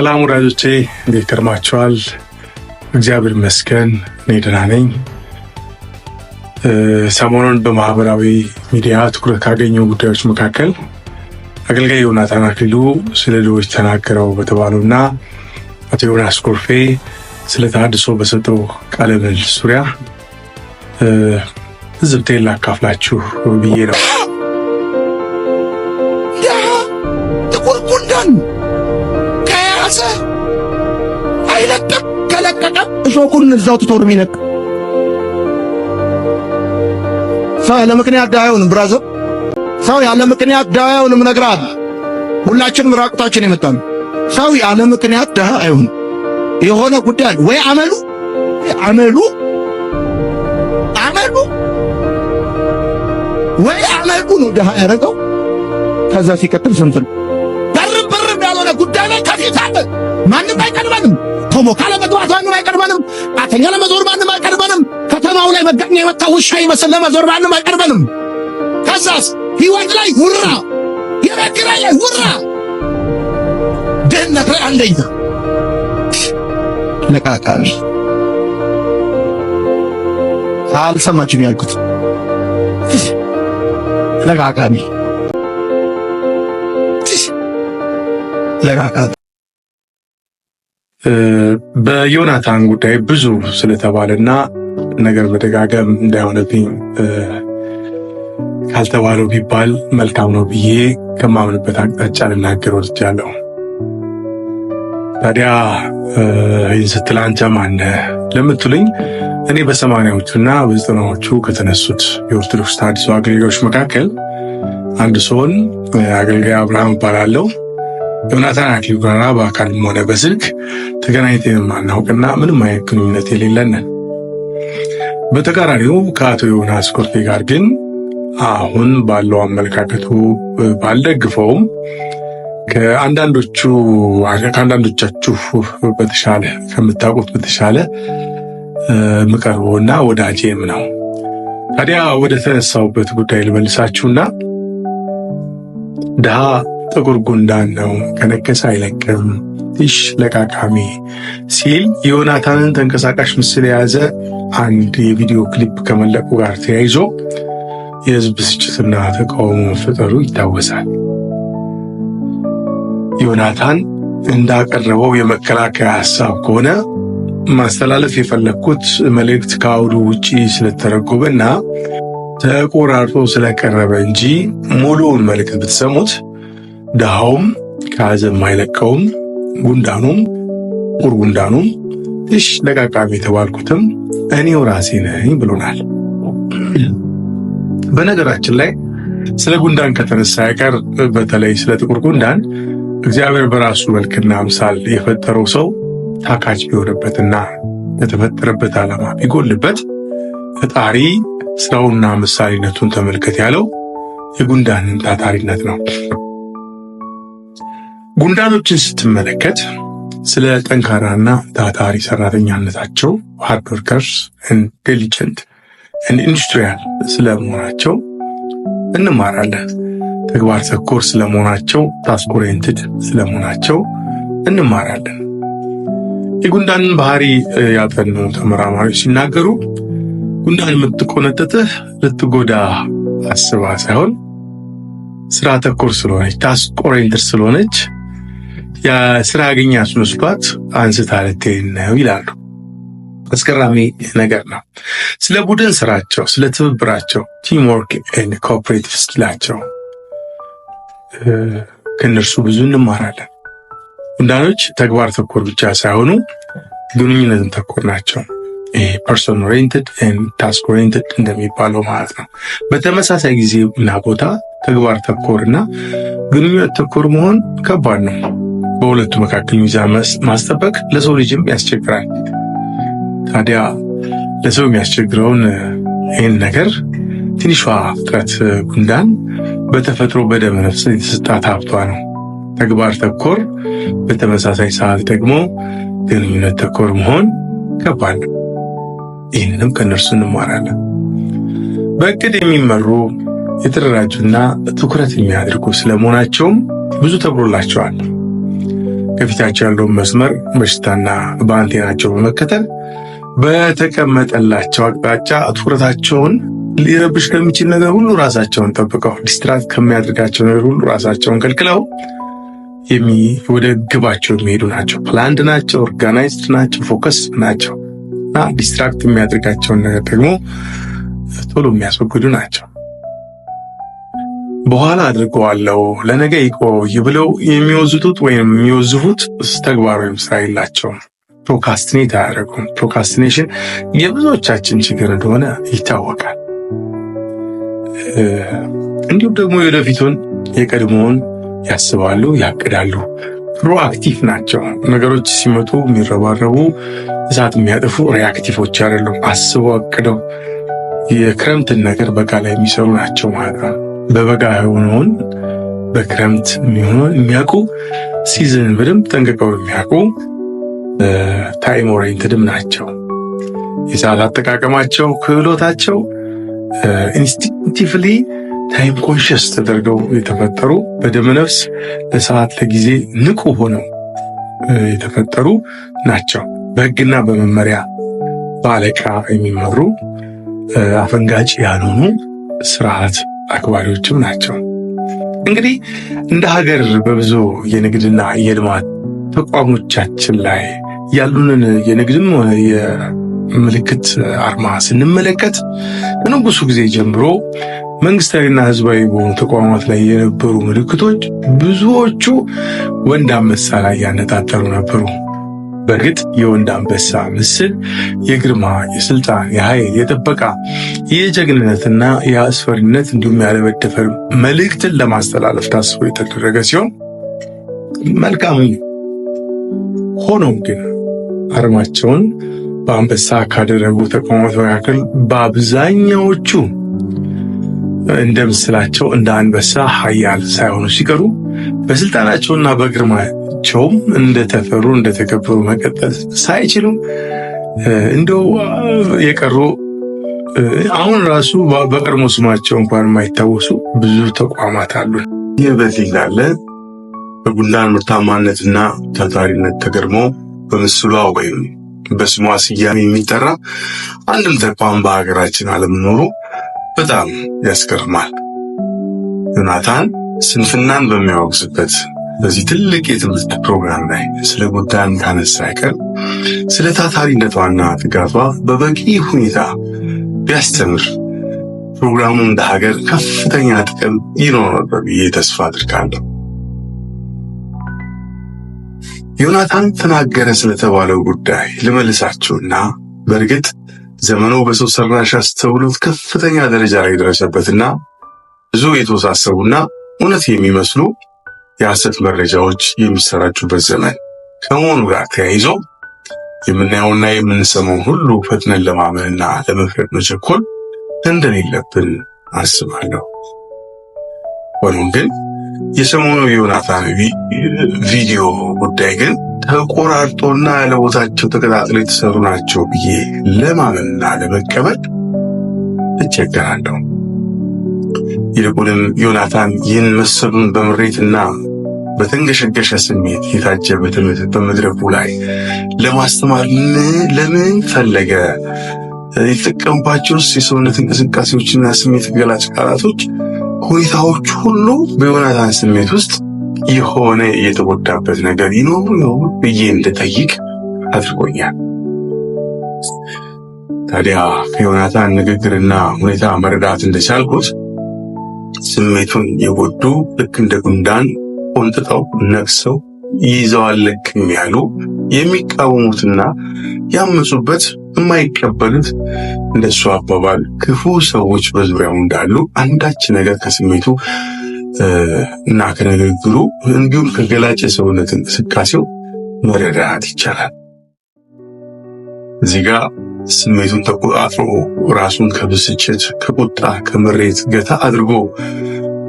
ሰላም ወዳጆቼ እንዴት ከርማችኋል? እግዚአብሔር ይመስገን እኔ ደህና ነኝ። ሰሞኑን በማህበራዊ ሚዲያ ትኩረት ካገኘው ጉዳዮች መካከል አገልጋይ ዮናታን አክሊሉ ስለ ልጆች ተናገረው በተባለውና አቶ ዮናስ ጎርፌ ስለ ተሐድሶ በሰጠው ቃለ ምልልስ ዙሪያ ዝብቴን ላካፍላችሁ ብዬ ነው። ሾኩን እዛው ትቶ ነው ሰው ያለ ምክንያት ድሀ ብራዘር ሰው ያለ ምክንያት ዳያውን ምነግራል። ሁላችንም ራቁታችን የመጣን ሰው ያለ ምክንያት ድሀ አይሆንም። የሆነ ጉዳይ ወይ አመሉ አመሉ አመሉ ወይ አመሉ ነው ድሀ ያደረገው። ከዛ ሲቀጥል ስንት ነው በርም በርም ያልሆነ ጉዳይ ላይ ከፊት አለ። ማንም አይቀድመንም። ቶሞ ማንም አይቀድመንም። እኛ ለመዞር ማንም አይቀርበንም። ከተማው ላይ መጋኛ የመጣ ውሻ ይመስል ለመዞር ማንም አይቀርበንም። ከዛስ ህይወት ላይ ሁራ፣ የበግ ላይ ሁራ፣ ድህነት ላይ አንደኛ ነቃቃል። አልሰማችሁም ያልኩት ለቃቃሚ ለቃቃሚ በዮናታን ጉዳይ ብዙ ስለተባለና ነገር መደጋገም እንዳይሆነብኝ ካልተባለው ቢባል መልካም ነው ብዬ ከማምንበት አቅጣጫ ልናገር ወድጃለሁ። ታዲያ ይህን ስትል አንተ ማነ ለምትሉኝ እኔ በሰማንያዎቹ እና በዘጠናዎቹ ከተነሱት የኦርቶዶክስ ተሐድሶ አገልጋዮች መካከል አንዱ ሲሆን አገልጋይ አብርሃም እባላለሁ። ዮናታን አክሊሉ ብርሃን በአካልም ሆነ በስልክ ተገናኝተን የማናውቅና ምንም አይነት ግንኙነት የሌለን በተቃራኒው ከአቶ ዮናስ ኮርፌ ጋር ግን አሁን ባለው አመለካከቱ ባልደግፈውም ከአንዳንዶቹ ከአንዳንዶቻችሁ በተሻለ ከምታውቁት በተሻለ ምቀርቦና ወዳጄም ነው። ታዲያ ወደ ተነሳውበት ጉዳይ ልመልሳችሁና ድሃ ጥቁር ጉንዳን ነው፣ ከነከሰ አይለቅም፣ ትሽ ለቃቃሚ ሲል የዮናታንን ተንቀሳቃሽ ምስል የያዘ አንድ የቪዲዮ ክሊፕ ከመለቁ ጋር ተያይዞ የህዝብ ብስጭትና ተቃውሞ መፈጠሩ ይታወሳል። ዮናታን እንዳቀረበው የመከላከያ ሐሳብ ከሆነ ማስተላለፍ የፈለግኩት መልእክት ከአውዱ ውጪ ስለተረጎበና ተቆራርጦ ስለቀረበ እንጂ ሙሉውን መልእክት ብትሰሙት ድሃውም ከያዘ የማይለቀውም ጉንዳኑም ጥቁር ጉንዳኑም ትሽ ለቃቃሚ የተባልኩትም እኔው ራሴ ነኝ ብሎናል። በነገራችን ላይ ስለ ጉንዳን ከተነሳ ያቀር በተለይ ስለ ጥቁር ጉንዳን እግዚአብሔር በራሱ መልክና አምሳል የፈጠረው ሰው ታካች ቢሆንበትና የተፈጠረበት ዓላማ ቢጎልበት ፈጣሪ ስራውና ምሳሌነቱን ተመልከት ያለው የጉንዳንን ታታሪነት ነው። ጉንዳኖችን ስትመለከት ስለ ጠንካራና ታታሪ ሰራተኛነታቸው ሃርድ ወርከርስ ዲሊጀንት ኢንዱስትሪያል ስለመሆናቸው እንማራለን። ተግባር ተኮር ስለመሆናቸው ታስክ ኦሪየንትድ ስለመሆናቸው እንማራለን። የጉንዳንን ባህሪ ያጠኑ ተመራማሪዎች ሲናገሩ ጉንዳን የምትቆነጠጥህ ልትጎዳ አስባ ሳይሆን ስራ ተኮር ስለሆነች ታስክ ኦሪየንትድ ስለሆነች የስራ አገኝ አስመስሏት አንስታ ልትሄድ ነው ይላሉ። አስገራሚ ነገር ነው። ስለ ቡድን ስራቸው፣ ስለ ትብብራቸው፣ ቲምወርክ ኤንድ ኮኦፕሬቲቭ ስኪላቸው ከእነርሱ ብዙ እንማራለን። እንዳኖች ተግባር ተኮር ብቻ ሳይሆኑ ግንኙነትን ተኮር ናቸው። ፐርሰን ኤንድ ታስክ ኦሪንትድ እንደሚባለው ማለት ነው። በተመሳሳይ ጊዜ እና ቦታ ተግባር ተኮር እና ግንኙነት ተኮር መሆን ከባድ ነው። በሁለቱ መካከል ሚዛን ማስጠበቅ ለሰው ልጅም ያስቸግራል። ታዲያ ለሰው የሚያስቸግረውን ይህን ነገር ትንሿ ፍጥረት ጉንዳን በተፈጥሮ በደመ ነፍስ የተሰጣት ሀብቷ ነው። ተግባር ተኮር፣ በተመሳሳይ ሰዓት ደግሞ ግንኙነት ተኮር መሆን ከባድ ነው። ይህንንም ከእነርሱ እንማራለን። በእቅድ የሚመሩ የተደራጁና ትኩረት የሚያደርጉ ስለመሆናቸውም ብዙ ተብሎላቸዋል። ከፊታቸው ያለውን መስመር በሽታና በአንቴናቸው በመከተል በተቀመጠላቸው አቅጣጫ ትኩረታቸውን ሊረብሽ ከሚችል ነገር ሁሉ ራሳቸውን ጠብቀው ዲስትራክት ከሚያደርጋቸው ነገር ሁሉ ራሳቸውን ከልክለው ወደ ግባቸው የሚሄዱ ናቸው። ፕላንድ ናቸው፣ ኦርጋናይዝድ ናቸው፣ ፎከስ ናቸው እና ዲስትራክት የሚያደርጋቸውን ነገር ደግሞ ቶሎ የሚያስወግዱ ናቸው። በኋላ አድርገዋለሁ ለነገ ይቆይ ብለው የሚወዝቱት ወይም የሚወዝፉት ተግባር ወይም ስራ የላቸውም። ፕሮካስቲኔት አያደርጉም። ፕሮካስቲኔሽን የብዙዎቻችን ችግር እንደሆነ ይታወቃል። እንዲሁም ደግሞ የወደፊቱን የቀድሞውን ያስባሉ፣ ያቅዳሉ። ፕሮአክቲቭ ናቸው። ነገሮች ሲመጡ የሚረባረቡ እሳት የሚያጠፉ ሪአክቲፎች አይደሉም። አስበው አቅደው የክረምትን ነገር በጋ ላይ የሚሰሩ ናቸው ማለት ነው። በበጋ የሆነውን በክረምት የሚሆነውን የሚያውቁ ሲዝንን በደንብ ጠንቅቀው የሚያውቁ ታይም ኦሪየንትድም ናቸው። የሰዓት አጠቃቀማቸው ክህሎታቸው ኢንስቲንክቲቭሊ ታይም ኮንሽስ ተደርገው የተፈጠሩ በደመነፍስ ለሰዓት ለጊዜ ንቁ ሆነው የተፈጠሩ ናቸው። በህግና በመመሪያ በአለቃ የሚመሩ አፈንጋጭ ያልሆኑ ስርዓት አክባሪዎችም ናቸው። እንግዲህ እንደ ሀገር በብዙ የንግድና የልማት ተቋሞቻችን ላይ ያሉንን የንግድም ሆነ የምልክት አርማ ስንመለከት ከንጉሱ ጊዜ ጀምሮ መንግስታዊና ህዝባዊ በሆኑ ተቋማት ላይ የነበሩ ምልክቶች ብዙዎቹ ወንድ አንበሳ ላይ ያነጣጠሩ ነበሩ። በእርግጥ የወንድ አንበሳ ምስል የግርማ፣ የስልጣን፣ የኃይል፣ የጥበቃ የጀግንነትና የአስፈሪነት እንዲሁም ያለመደፈ መልእክትን ለማስተላለፍ ታስቦ የተደረገ ሲሆን መልካም ሆኖም ግን አርማቸውን በአንበሳ ካደረጉ ተቋማት መካከል በአብዛኛዎቹ እንደ ምስላቸው እንደ አንበሳ ኃያል ሳይሆኑ ሲቀሩ በስልጣናቸውና በግርማቸውም እንደተፈሩ እንደተከበሩ መቀጠል ሳይችሉ እንደው የቀሩ አሁን ራሱ በቀድሞ ስማቸው እንኳን የማይታወሱ ብዙ ተቋማት አሉ። ይህ በዚህ እንዳለ በጉንዳን ምርታማነትና ታታሪነት ተገርሞ በምስሏ ወይም በስሟ ስያሜ የሚጠራ አንድም ተቋም በሀገራችን አለመኖሩ በጣም ያስገርማል። ዮናታን ስንፍናን በሚያወግዝበት በዚህ ትልቅ የትምህርት ፕሮግራም ላይ ስለ ጉዳይም ካነሳ አይቀር ስለ ታታሪነቷና ትጋቷ በበቂ ሁኔታ ቢያስተምር ፕሮግራሙ እንደ ሀገር ከፍተኛ ጥቅም ይኖር ነበር ብዬ ተስፋ አድርጋለሁ። ዮናታን ተናገረ ስለተባለው ጉዳይ ልመልሳችሁና በእርግጥ ዘመኑ በሰው ሰራሽ አስተውሎት ከፍተኛ ደረጃ ላይ የደረሰበትና ብዙ የተወሳሰቡና እውነት የሚመስሉ የሐሰት መረጃዎች የሚሰራጩበት ዘመን ከመሆኑ ጋር ተያይዞ የምናየውና የምንሰማውን ሁሉ ፈጥነን ለማመንና ለመፍረድ መቸኮል እንደሌለብን አስባለሁ። ሆኖም ግን የሰሞኑ የዮናታን ቪዲዮ ጉዳይ ግን ተቆራርጦና ለቦታቸው ተቀጣጥሎ የተሰሩ ናቸው ብዬ ለማመንና ለመቀበል እቸገራለሁ። ይልቁንም ዮናታን ይህን መሰሉን በምሬትና በተንገሸገሸ ስሜት የታጀበ ትምህርት በመድረኩ ላይ ለማስተማር ለምን ፈለገ? የተጠቀምባቸው የሰውነት እንቅስቃሴዎችና ስሜት ገላጭ ቃላቶች ሁኔታዎች ሁሉ በዮናታን ስሜት ውስጥ የሆነ የተጎዳበት ነገር ይኖሩ ይሆን ብዬ እንድጠይቅ አድርጎኛል። ታዲያ ከዮናታን ንግግርና ሁኔታ መረዳት እንደቻልኩት ስሜቱን የጎዱ ልክ እንደ ጉንዳን ቆንጥጠው ነክሰው ይዘዋል ልክም ያሉ የሚቃወሙትና ያመፁበት የማይቀበሉት እንደሱ አባባል ክፉ ሰዎች በዙሪያው እንዳሉ አንዳች ነገር ከስሜቱ እና ከንግግሩ እንዲሁም ከገላጭ ሰውነት እንቅስቃሴው መረዳት ይቻላል። እዚህ ጋ ስሜቱን ተቆጣጥሮ ራሱን ከብስጭት፣ ከቁጣ፣ ከምሬት ገታ አድርጎ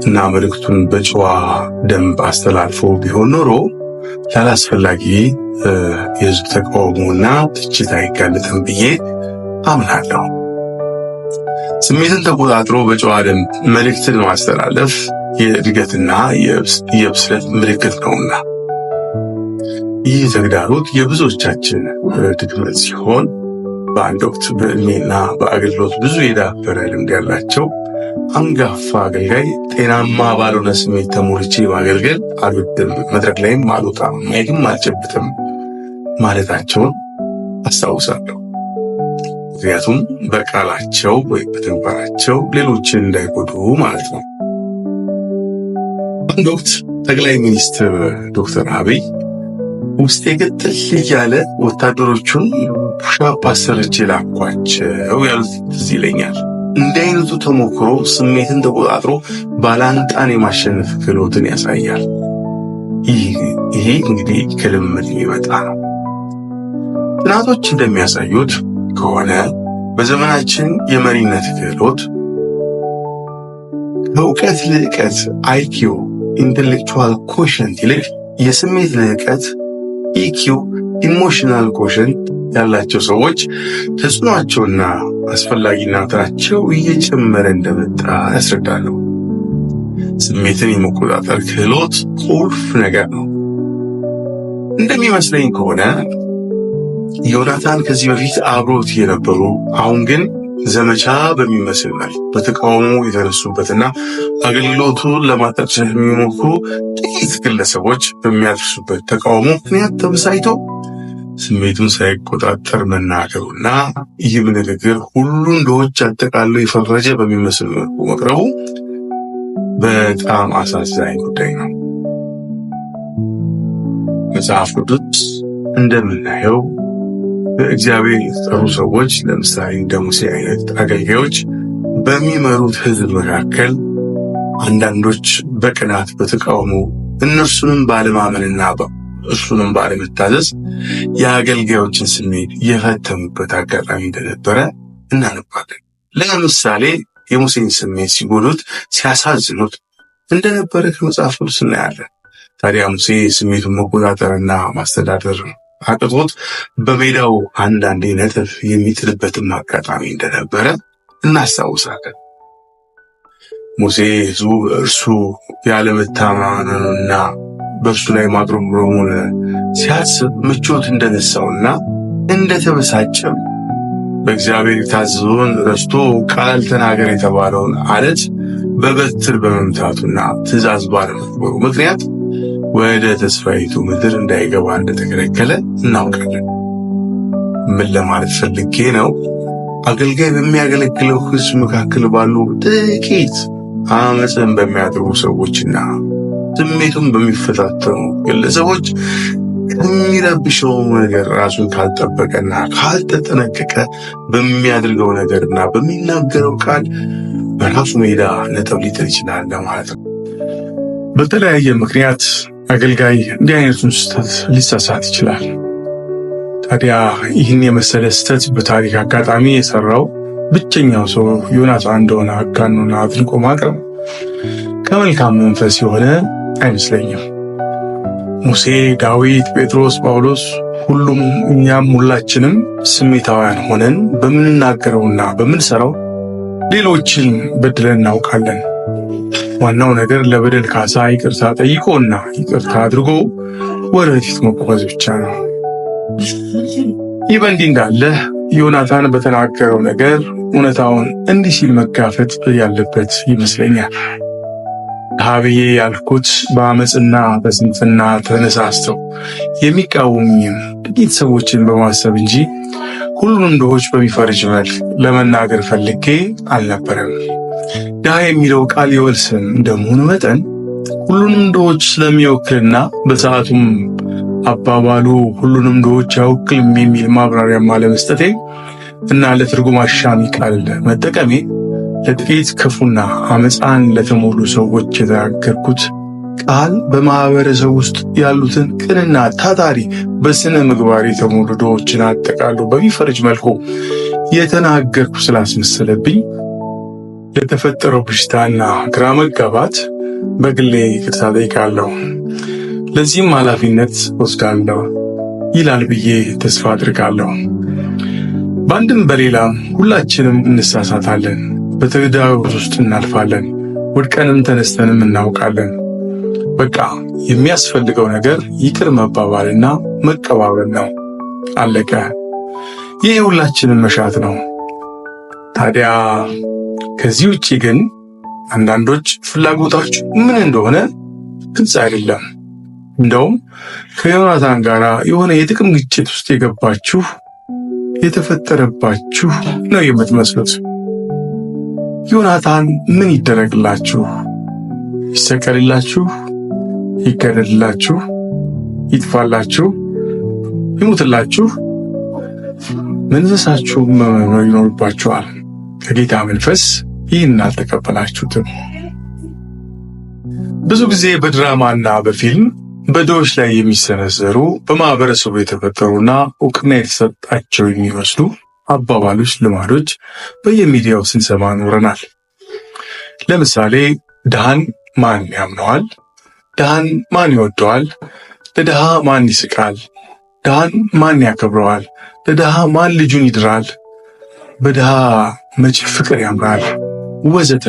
እና መልእክቱን በጨዋ ደንብ አስተላልፎ ቢሆን ኖሮ ላላስፈላጊ የህዝብ ተቃውሞና ትችት አይጋለጥም ብዬ አምናለሁ። ስሜትን ተቆጣጥሮ በጨዋ ደንብ መልእክትን ማስተላለፍ የእድገትና የብስለት ምልክት ነውና ይህ ተግዳሮት የብዙዎቻችን ድክመት ሲሆን በአንድ ወቅት በእድሜና በአገልግሎት ብዙ የዳበረ ልምድ ያላቸው አንጋፋ አገልጋይ ጤናማ ባልሆነ ስሜት ተሞልቼ ማገልገል አልወድም፣ መድረክ ላይም አልወጣም፣ ማየትም አልጨብጥም ማለታቸውን አስታውሳለሁ። ምክንያቱም በቃላቸው ወይ በተግባራቸው ሌሎችን እንዳይጎዱ ማለት ነው። አንድ ወቅት ጠቅላይ ሚኒስትር ዶክተር አብይ ውስጤ ግጥል እያለ ወታደሮቹን ፑሻፕ አሰርቼ ላኳቸው ያሉት ትዝ ይለኛል። እንዲህ አይነቱ ተሞክሮ ስሜትን ተቆጣጥሮ ባላንጣን የማሸነፍ ክህሎትን ያሳያል። ይህ እንግዲህ ከልምድ የሚመጣ ነው። ጥናቶች እንደሚያሳዩት ከሆነ በዘመናችን የመሪነት ክህሎት በእውቀት ልዕቀት አይኪዩ ኢንቴሌክቹዋል ኮሽንት ይልቅ የስሜት ልዕቀት ኢኪዩ ኢሞሽናል ኮሽንት ያላቸው ሰዎች ተጽዕኖአቸውና አስፈላጊነታቸው እየጨመረ እንደመጣ ያስረዳሉ። ስሜትን የመቆጣጠር ክህሎት ቁልፍ ነገር ነው። እንደሚመስለኝ ከሆነ ዮናታን ከዚህ በፊት አብሮት የነበሩ አሁን ግን ዘመቻ በሚመስል ላይ በተቃውሞ የተነሱበትና አገልግሎቱን ለማጠርሸት የሚሞክሩ ጥቂት ግለሰቦች በሚያደርሱበት ተቃውሞ ምክንያት ተበሳይቶ ስሜቱን ሳይቆጣጠር መናገሩና ይህም ንግግር ሁሉን ድሆች አጠቃሎ የፈረጀ በሚመስል መልኩ መቅረቡ በጣም አሳዛኝ ጉዳይ ነው። መጽሐፍ ቅዱስ እንደምናየው በእግዚአብሔር የተጠሩ ሰዎች ለምሳሌ እንደ ሙሴ አይነት አገልጋዮች በሚመሩት ሕዝብ መካከል አንዳንዶች በቅናት በተቃውሞ እነርሱንም ባለማመንና እሱንም ባለመታዘዝ የአገልጋዮችን ስሜት የፈተሙበት አጋጣሚ እንደነበረ እናነባለን። ለምሳሌ የሙሴን ስሜት ሲጎዱት፣ ሲያሳዝኑት እንደነበረ ከመጽሐፍ ቅዱስ እናያለን። ታዲያ ሙሴ ስሜቱን መቆጣጠርና ማስተዳደር አቅቶት በሜዳው አንዳንዴ ነጥብ የሚጥልበትም አጋጣሚ እንደነበረ እናስታውሳለን። ሙሴ ህዝቡ እርሱ ያለመታመኑና በእርሱ ላይ ማጉረምረሙ ሲያስብ ምቾት እንደነሳውና እንደተበሳጨም በእግዚአብሔር የታዘዘውን ረስቶ ቃል ተናገር የተባለውን አለት በበትር በመምታቱና ትእዛዝ ባለመክበሩ ምክንያት ወደ ተስፋይቱ ምድር እንዳይገባ እንደተከለከለ እናውቃለን። ምን ለማለት ፈልጌ ነው? አገልጋይ በሚያገለግለው ሕዝብ መካከል ባሉ ጥቂት አመፅን በሚያደርጉ ሰዎችና ስሜቱን በሚፈታተኑ ግለሰቦች ከሚረብሸው ነገር ራሱን ካልጠበቀና ካልተጠነቀቀ በሚያደርገው ነገርና በሚናገረው ቃል በራሱ ሜዳ ነጥብ ሊጥል ይችላል ለማለት ነው። በተለያየ ምክንያት አገልጋይ እንዲህ አይነቱን ስህተት ሊሳሳት ይችላል። ታዲያ ይህን የመሰለ ስህተት በታሪክ አጋጣሚ የሰራው ብቸኛው ሰው ዮናታን እንደሆነ አጋኖና አድንቆ ማቅረብ ከመልካም መንፈስ የሆነ አይመስለኝም። ሙሴ፣ ዳዊት፣ ጴጥሮስ፣ ጳውሎስ ሁሉም እኛም ሁላችንም ስሜታውያን ሆነን በምንናገረውና በምንሰራው ሌሎችን በድለን እናውቃለን። ዋናው ነገር ለበደል ካሳ ይቅርታ ጠይቆና ይቅርታ አድርጎ ወደፊት መጓዝ ብቻ ነው። ይህ በእንዲህ እንዳለ ዮናታን በተናገረው ነገር እውነታውን እንዲህ ሲል መጋፈጥ ያለበት ይመስለኛል። ሀብዬ ያልኩት በአመፅና በስንፍና ተነሳስተው የሚቃወሙኝም ጥቂት ሰዎችን በማሰብ እንጂ ሁሉንም ድሆች በሚፈርጅ መልክ ለመናገር ፈልጌ አልነበረም። ድሃ የሚለው ቃል የወል ስም እንደመሆኑ መጠን ሁሉንም ድሆች ስለሚወክልና በሰዓቱም አባባሉ ሁሉንም ድሆች አይወክልም የሚል ማብራሪያማ ለመስጠቴ እና ለትርጉም አሻሚ ቃል መጠቀሜ ለጥቂት ክፉና አመፃን ለተሞሉ ሰዎች የተናገርኩት ቃል በማህበረሰብ ውስጥ ያሉትን ቅንና ታታሪ በስነ ምግባር የተሞሉ ድሆችን አጠቃሉ በሚፈርጅ መልኩ የተናገርኩ ስላስመሰለብኝ ለተፈጠረው ብሽታና ግራ መጋባት በግሌ ይቅርታ ጠይቃለሁ፣ ለዚህም ኃላፊነት ወስዳለሁ ይላል ብዬ ተስፋ አድርጋለሁ። በአንድም በሌላ ሁላችንም እንሳሳታለን። በተግዳሮት ውስጥ እናልፋለን። ወድቀንም ተነስተንም እናውቃለን። በቃ የሚያስፈልገው ነገር ይቅር መባባልና መቀባበል ነው። አለቀ። ይህ የሁላችንም መሻት ነው። ታዲያ ከዚህ ውጪ ግን አንዳንዶች ፍላጎታችሁ ምን እንደሆነ ግልጽ አይደለም። እንደውም ከዮናታን ጋር የሆነ የጥቅም ግጭት ውስጥ የገባችሁ የተፈጠረባችሁ ነው የምትመስሉት። ዮናታን ምን ይደረግላችሁ? ይሰቀልላችሁ? ይገደልላችሁ? ይጥፋላችሁ? ይሙትላችሁ? መንፈሳችሁ መመኖር ይኖርባችኋል። ከጌታ መንፈስ ይህን አልተቀበላችሁትም። ብዙ ጊዜ በድራማና በፊልም በድሆች ላይ የሚሰነዘሩ በማህበረሰቡ የተፈጠሩና እውቅና የተሰጣቸው የሚመስሉ አባባሎች፣ ልማዶች በየሚዲያው ስንሰማ ኖረናል። ለምሳሌ ድሃን ማን ያምነዋል? ድሃን ማን ይወደዋል? ለድሃ ማን ይስቃል? ድሃን ማን ያከብረዋል? ለድሃ ማን ልጁን ይድራል? በድሃ መቼ ፍቅር ያምራል? ወዘተ።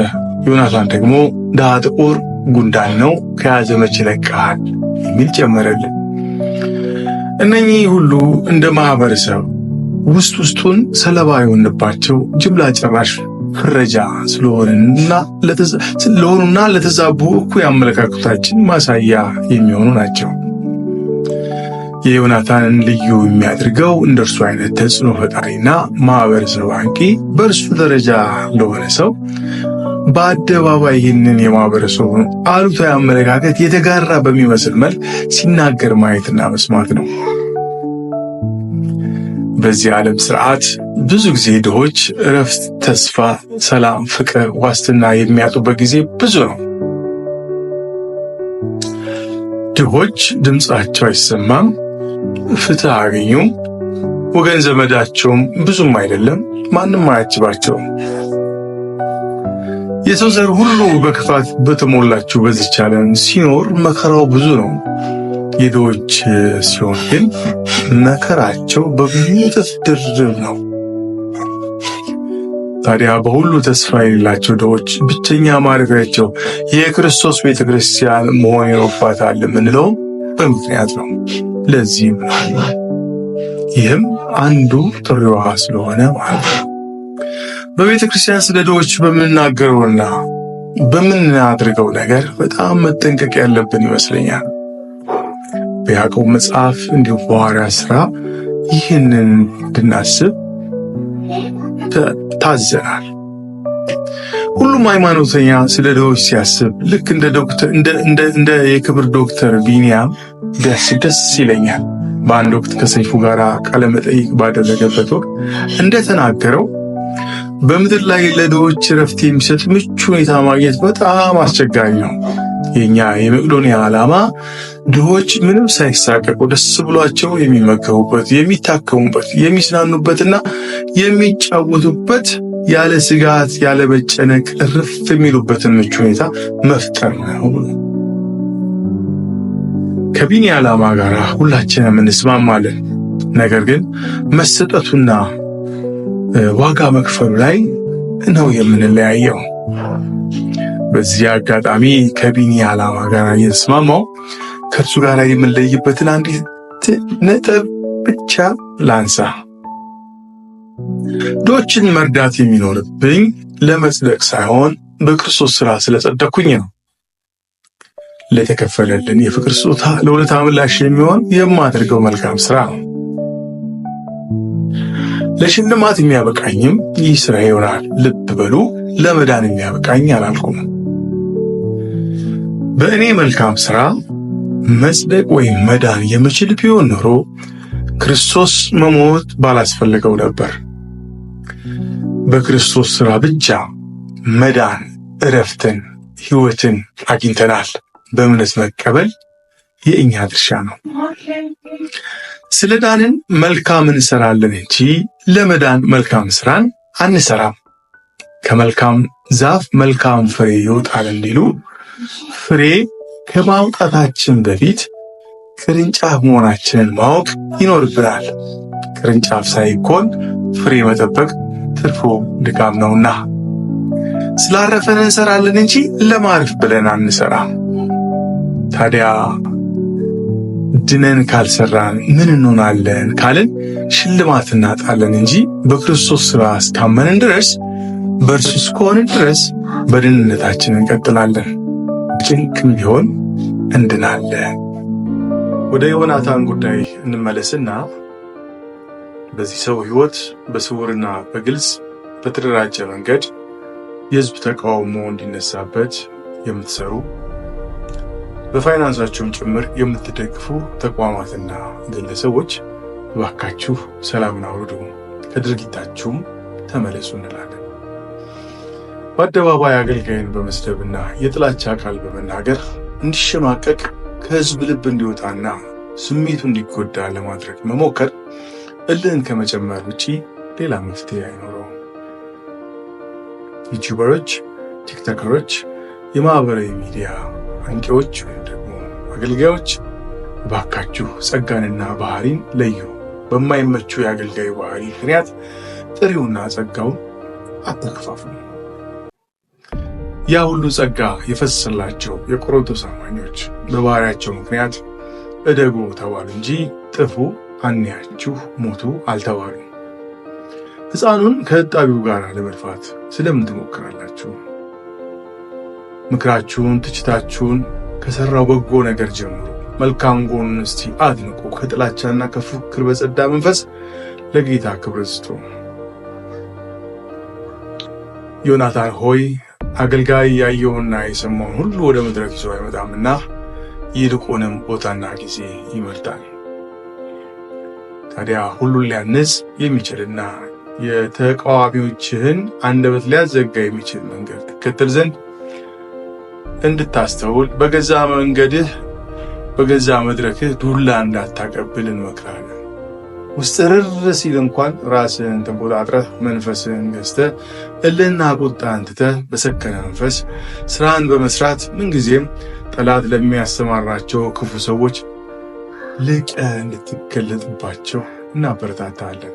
ዮናታን ደግሞ ድሃ ጥቁር ጉንዳን ነው ከያዘ መቼ ለቀሃል የሚል ጨመረልን። እነኚህ ሁሉ እንደ ማህበረሰብ ውስጥ ውስጡን ሰለባ የሆንባቸው ጅምላ ጨራሽ ፍረጃ ስለሆኑና ለተዛቡ እኩይ አመለካከታችን ማሳያ የሚሆኑ ናቸው። የዮናታንን ልዩ የሚያደርገው እንደ እርሱ አይነት ተጽዕኖ ፈጣሪና ማህበረሰብ አንቂ በእርሱ ደረጃ ለሆነ ሰው በአደባባይ ይህንን የማህበረሰቡን አሉታዊ አመለካከት የተጋራ በሚመስል መልክ ሲናገር ማየትና መስማት ነው። በዚህ ዓለም ስርዓት ብዙ ጊዜ ድሆች እረፍት፣ ተስፋ፣ ሰላም፣ ፍቅር፣ ዋስትና የሚያጡበት ጊዜ ብዙ ነው። ድሆች ድምፃቸው አይሰማም፣ ፍትህ አገኙም ወገን ዘመዳቸውም ብዙም አይደለም፣ ማንም አያችባቸውም። የሰው ዘር ሁሉ በክፋት በተሞላችሁ በዚች ዓለም ሲኖር መከራው ብዙ ነው። የድሆች ሲሆን ግን መከራቸው በብዙ ድርብ ነው። ታዲያ በሁሉ ተስፋ የሌላቸው ድሆች ብቸኛ ማረፊያቸው የክርስቶስ ቤተ ክርስቲያን መሆን ይኖርባታል የምንለውም በምክንያት ነው። ለዚህም ነው ይህም አንዱ ጥሪዋ ስለሆነ ማለት ነው። በቤተ ክርስቲያን ስለ ድሆች በምንናገረውና በምናድርገው ነገር በጣም መጠንቀቅ ያለብን ይመስለኛል። በያዕቆብ መጽሐፍ እንዲሁም በሐዋርያ ሥራ ይህንን እንድናስብ ታዘናል። ሁሉም ሃይማኖተኛ ስለ ድሆች ሲያስብ ልክ እንደ ዶክተር እንደ የክብር ዶክተር ቢኒያም ቢያስብ ደስ ይለኛል። በአንድ ወቅት ከሰይፉ ጋር ቃለ መጠይቅ ባደረገበት ወቅት እንደተናገረው በምድር ላይ ለድሆች እረፍት የሚሰጥ ምቹ ሁኔታ ማግኘት በጣም አስቸጋሪ ነው። የኛ የመቅዶኒያ ዓላማ ድሆች ምንም ሳይሳቀቁ ደስ ብሏቸው የሚመገቡበት፣ የሚታከሙበት፣ የሚስናኑበትና የሚጫወቱበት ያለ ስጋት ያለ መጨነቅ እርፍ የሚሉበትን ምቹ ሁኔታ መፍጠር ነው። ከቢኒ ዓላማ ጋር ሁላችንም እንስማማለን። ነገር ግን መሰጠቱና ዋጋ መክፈሉ ላይ ነው የምንለያየው። በዚህ አጋጣሚ ከቢኒ ዓላማ ጋር እየተስማማው ከእርሱ ጋር የምንለይበትን አንዲት ነጥብ ብቻ ላንሳ። ዶችን መርዳት የሚኖርብኝ ለመጽደቅ ሳይሆን በክርስቶስ ሥራ ስለጸደቅኩኝ ነው። ለተከፈለልን የፍቅር ስጦታ ለሁለት ምላሽ የሚሆን የማደርገው መልካም ስራ ነው። ለሽልማት የሚያበቃኝም ይህ ስራ ይሆናል። ልብ በሉ፣ ለመዳን የሚያበቃኝ አላልኩም። በእኔ መልካም ስራ። መጽደቅ ወይም መዳን የምችል ቢሆን ኖሮ ክርስቶስ መሞት ባላስፈልገው ነበር። በክርስቶስ ሥራ ብቻ መዳን፣ እረፍትን፣ ሕይወትን አግኝተናል። በእምነት መቀበል የእኛ ድርሻ ነው። ስለ ዳንን መልካም እንሰራለን እንጂ ለመዳን መልካም ሥራን አንሰራም። ከመልካም ዛፍ መልካም ፍሬ ይወጣል እንዲሉ ፍሬ ከማውጣታችን በፊት ቅርንጫፍ መሆናችንን ማወቅ ይኖርብናል። ቅርንጫፍ ሳይኮን ፍሬ መጠበቅ ትርፎ ድካም ነውና ስላረፈን እንሰራለን እንጂ ለማረፍ ብለን አንሰራም። ታዲያ ድነን ካልሰራን ምን እንሆናለን ካልን ሽልማት እናጣለን እንጂ በክርስቶስ ሥራ እስካመንን ድረስ በእርሱ እስከሆንን ድረስ በድንነታችን እንቀጥላለን። ጭንቅም ቢሆን እንድናለን። ወደ ዮናታን ጉዳይ እንመለስና በዚህ ሰው ሕይወት በስውርና በግልጽ በተደራጀ መንገድ የህዝብ ተቃውሞ እንዲነሳበት የምትሰሩ በፋይናንሳቸውም ጭምር የምትደግፉ ተቋማትና ግለሰቦች እባካችሁ ሰላምን አውርዱ፣ ከድርጊታችሁም ተመለሱ እንላለን። በአደባባይ አገልጋይን በመስደብና የጥላቻ ቃል በመናገር እንዲሸማቀቅ ከህዝብ ልብ እንዲወጣና ስሜቱ እንዲጎዳ ለማድረግ መሞከር እልህን ከመጨመር ውጪ ሌላ መፍትሄ አይኖረውም። ዩቲዩበሮች፣ ቲክቶከሮች፣ የማህበራዊ ሚዲያ አንቂዎች ወይም ደግሞ አገልጋዮች እባካችሁ ጸጋንና ባህሪን ለዩ። በማይመቹ የአገልጋዩ ባህሪ ምክንያት ጥሪውና ጸጋውን አታክፋፍሉ። ያ ሁሉ ጸጋ የፈሰላቸው የቆሮንቶስ አማኞች በባህሪያቸው ምክንያት እደጉ ተባሉ እንጂ ጥፉ፣ አንያችሁ፣ ሞቱ አልተባሉ። ሕፃኑን ከእጣቢው ጋር ለመድፋት ስለምን ትሞክራላችሁ? ምክራችሁን፣ ትችታችሁን ከሠራው በጎ ነገር ጀምሩ። መልካም ጎኑን እስቲ አድንቁ። ከጥላቻና ከፉክክር በጸዳ መንፈስ ለጌታ ክብር ስጡ። ዮናታን ሆይ አገልጋይ ያየውና የሰማውን ሁሉ ወደ መድረክ ይዞ አይመጣምና ይልቁንም ቦታና ጊዜ ይመርጣል። ታዲያ ሁሉን ሊያንጽ የሚችልና የተቃዋሚዎችህን አንደበት ሊያዘጋ የሚችል መንገድ ትከተል ዘንድ እንድታስተውል በገዛ መንገድህ በገዛ መድረክህ ዱላ እንዳታቀብል እንመክራለን። ውስጥርር ሲል እንኳን ራስን ተቆጣጥረህ መንፈስን ገዝተህ እልህና ቁጣን ትተህ በሰከነ መንፈስ ስራን በመስራት ምንጊዜም ጠላት ለሚያሰማራቸው ክፉ ሰዎች ልቀ እንድትገለጥባቸው እናበረታታለን።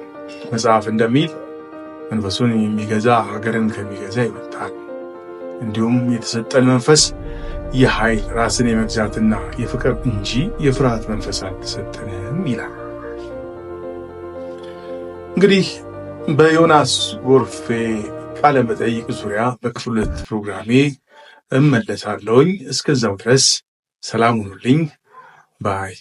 መጽሐፍ እንደሚል መንፈሱን የሚገዛ ሀገርን ከሚገዛ ይበልጣል። እንዲሁም የተሰጠን መንፈስ የኃይል ራስን የመግዛትና የፍቅር እንጂ የፍርሃት መንፈስ አልተሰጠንም ይላል። እንግዲህ በዮናስ ጎርፌ ቃለ መጠይቅ ዙሪያ በክፍል ሁለት ፕሮግራሜ እመለሳለሁኝ። እስከዛው ድረስ ሰላም ሁኑልኝ ባይ